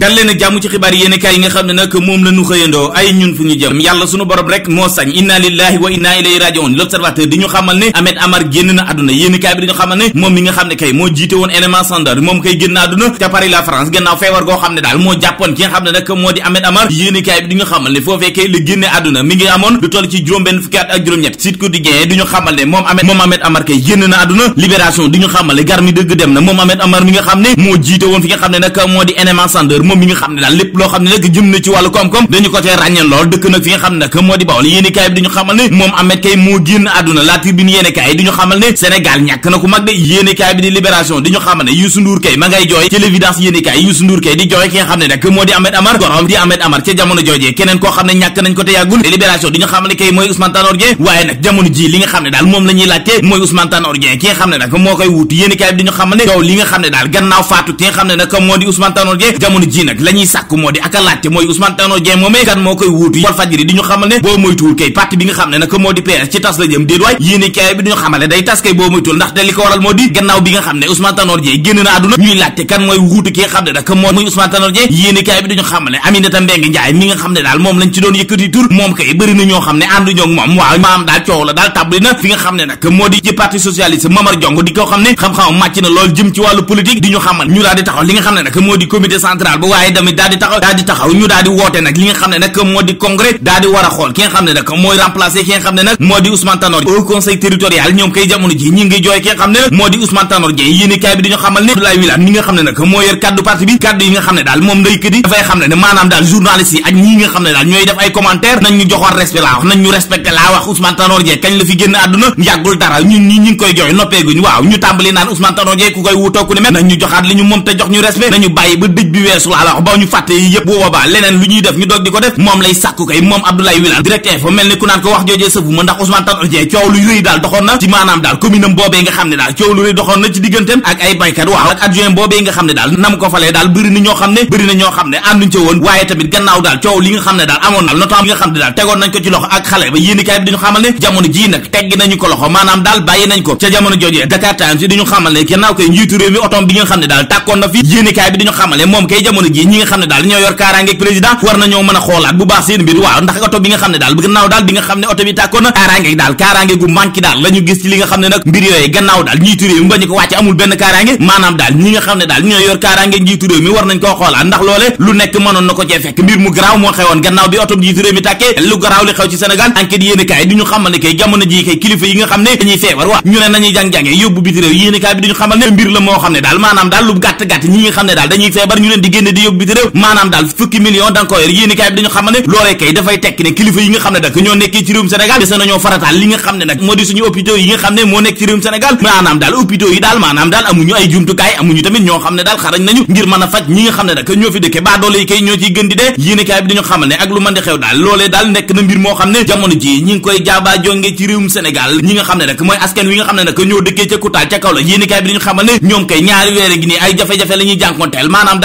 dal leen ak jàmm ci xibaar yéen yi nga xam ne nag moom la xëyandoo ay ñun fu ñu jëm yàlla suñu borom rek moo sañ inna lillahi wa inna ilayhi rajiun l'observateur di ñu xamal ne moom mi Amar kay génn na àdduna Libération di ñu xamal ne gar mi dëgg dem na moom Ahmed Amar mi nga xam ne moo jiite woon fi nga xam ne nag moo di NMA Sandor moom mi nga xam ne daal lépp loo xam ne nag jëm na xam ne nag li nga xam ne daal moom la ñuy laajte mooy Ousmane Tanor Dieng ki nga xam ne nag moo koy wuutu yéenekaay bi dañu xamal ne coow li nga xam ne daal gannaaw faatu ki nga xam ne nag moo di Ousmane Tanor Dieng jamono ji nag la ñuy sàkk moo di ak a laajte mooy Ousmane Tanor Dieng moomee kan moo koy wuutu Walf Fadjri di ñu xamal ne boo moytuwul kay parti bi nga xam ne nag moo di PS ci tas la jëm déet waay yéene kaay bi duñu xamale day tas kay boo moytuwul ndaxte li ko waral moo di gannaaw bi nga xam ne Ousmane Tanor Dieng génn na àdduna ñuy laajte kan mooy wuutu ki nga xam ne nag moo muy Ousmane Tanor Dieng yéene kaay bi duñu xamal ne Aminata Mbengue Ndiaye mi nga xam ne daal moom lañ ci doon yëkkati tur moom kay bëri na ñoo xam ne àndu ñoo moom waaw maam daal coow la daal tàbbali na fi nga xam ne nag moo di ci parti socialiste Mamar Diongue di ko xam ne xam-xam màcc na lool jëm ci wàllu politique di ñu xamal ñu daal di taxaw li nga xam ne ne nag moo di comité central ba waaye tamit daal di taxaw daal di taxaw ñu daal di woote nag li nga xam ne nag moo di congrès daal di war a xool ki xam ne nag mooy remplacer laa wax nañ ñu respecté ku koy wutoo ku ne mel ñu joxaat li ñu moom te jox ñu respect nañu bàyyi ba dëj bi weesu laa la wax ñu fàtte yi yëpp bu boobaa leneen lu ñuy def ñu dog di ko def moom lay sàkku kay moom Abdoulaye Wilane direct info mel ni ku naan ko wax joojee sëfu ma ndax Ousmane Tanor Dieng coow lu am na ci digganteem ak daal nam na ñoo xam ne bëri na ñoo xam ne ànduñ ca waaye tamit gannaaw daal coow li nga xam ne daal amoon na notam li nga xam ne daal tegoon nañ ko ci loxo ak xale ba yéeni bi dañu xamal ne kaay mbir mu garaaw moo xewoon gannaaw bi oto njiitu réew mi tàkkee lu garaaw li xew ci Sénégal mbir la moo xam ne daal maanaam daal lu gàtt gàtt ñi nga xam ne daal dañuy ñu leen di génne di yóbbu réew maanaam daal fukki million da nga ko bi dañu xam ne loolee kay dafay tekki ne kilifa yi nga xamal ne ak mooy askan wi nga xam ne nag ñoo dëkkee ca Koutal ca Kaolack yéen i bi dañu xamal ne ñoom kay ñaari weer gi nii ay jafe-jafe la ñuy jànkonteel maanaam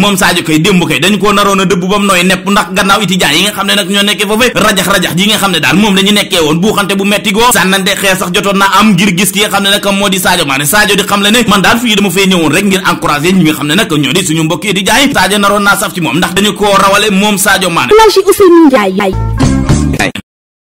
moom Sadio kay démb kay dañu koo naroon a dëbb bam nooy nepp ndax gannaaw étudiants yi nga xam ne nag ñoo nekkee foofee rajax-rajax yi nga xam ne daal moom lañu nekkee woon buuxante bu metti goo sànnante xeex sax jotoon naa am ngir gis ki nga xam ne nag moo di Sadio Mané Sadio di xam le ne man daal fii dama fee ñëw ñëwoon rek ngir encourager ñi nga xam ne nag ñoo di suñu mbokk yi di jaay Sadio naroon naa saf moom ndax dañu koo rawale moom Sadio Mané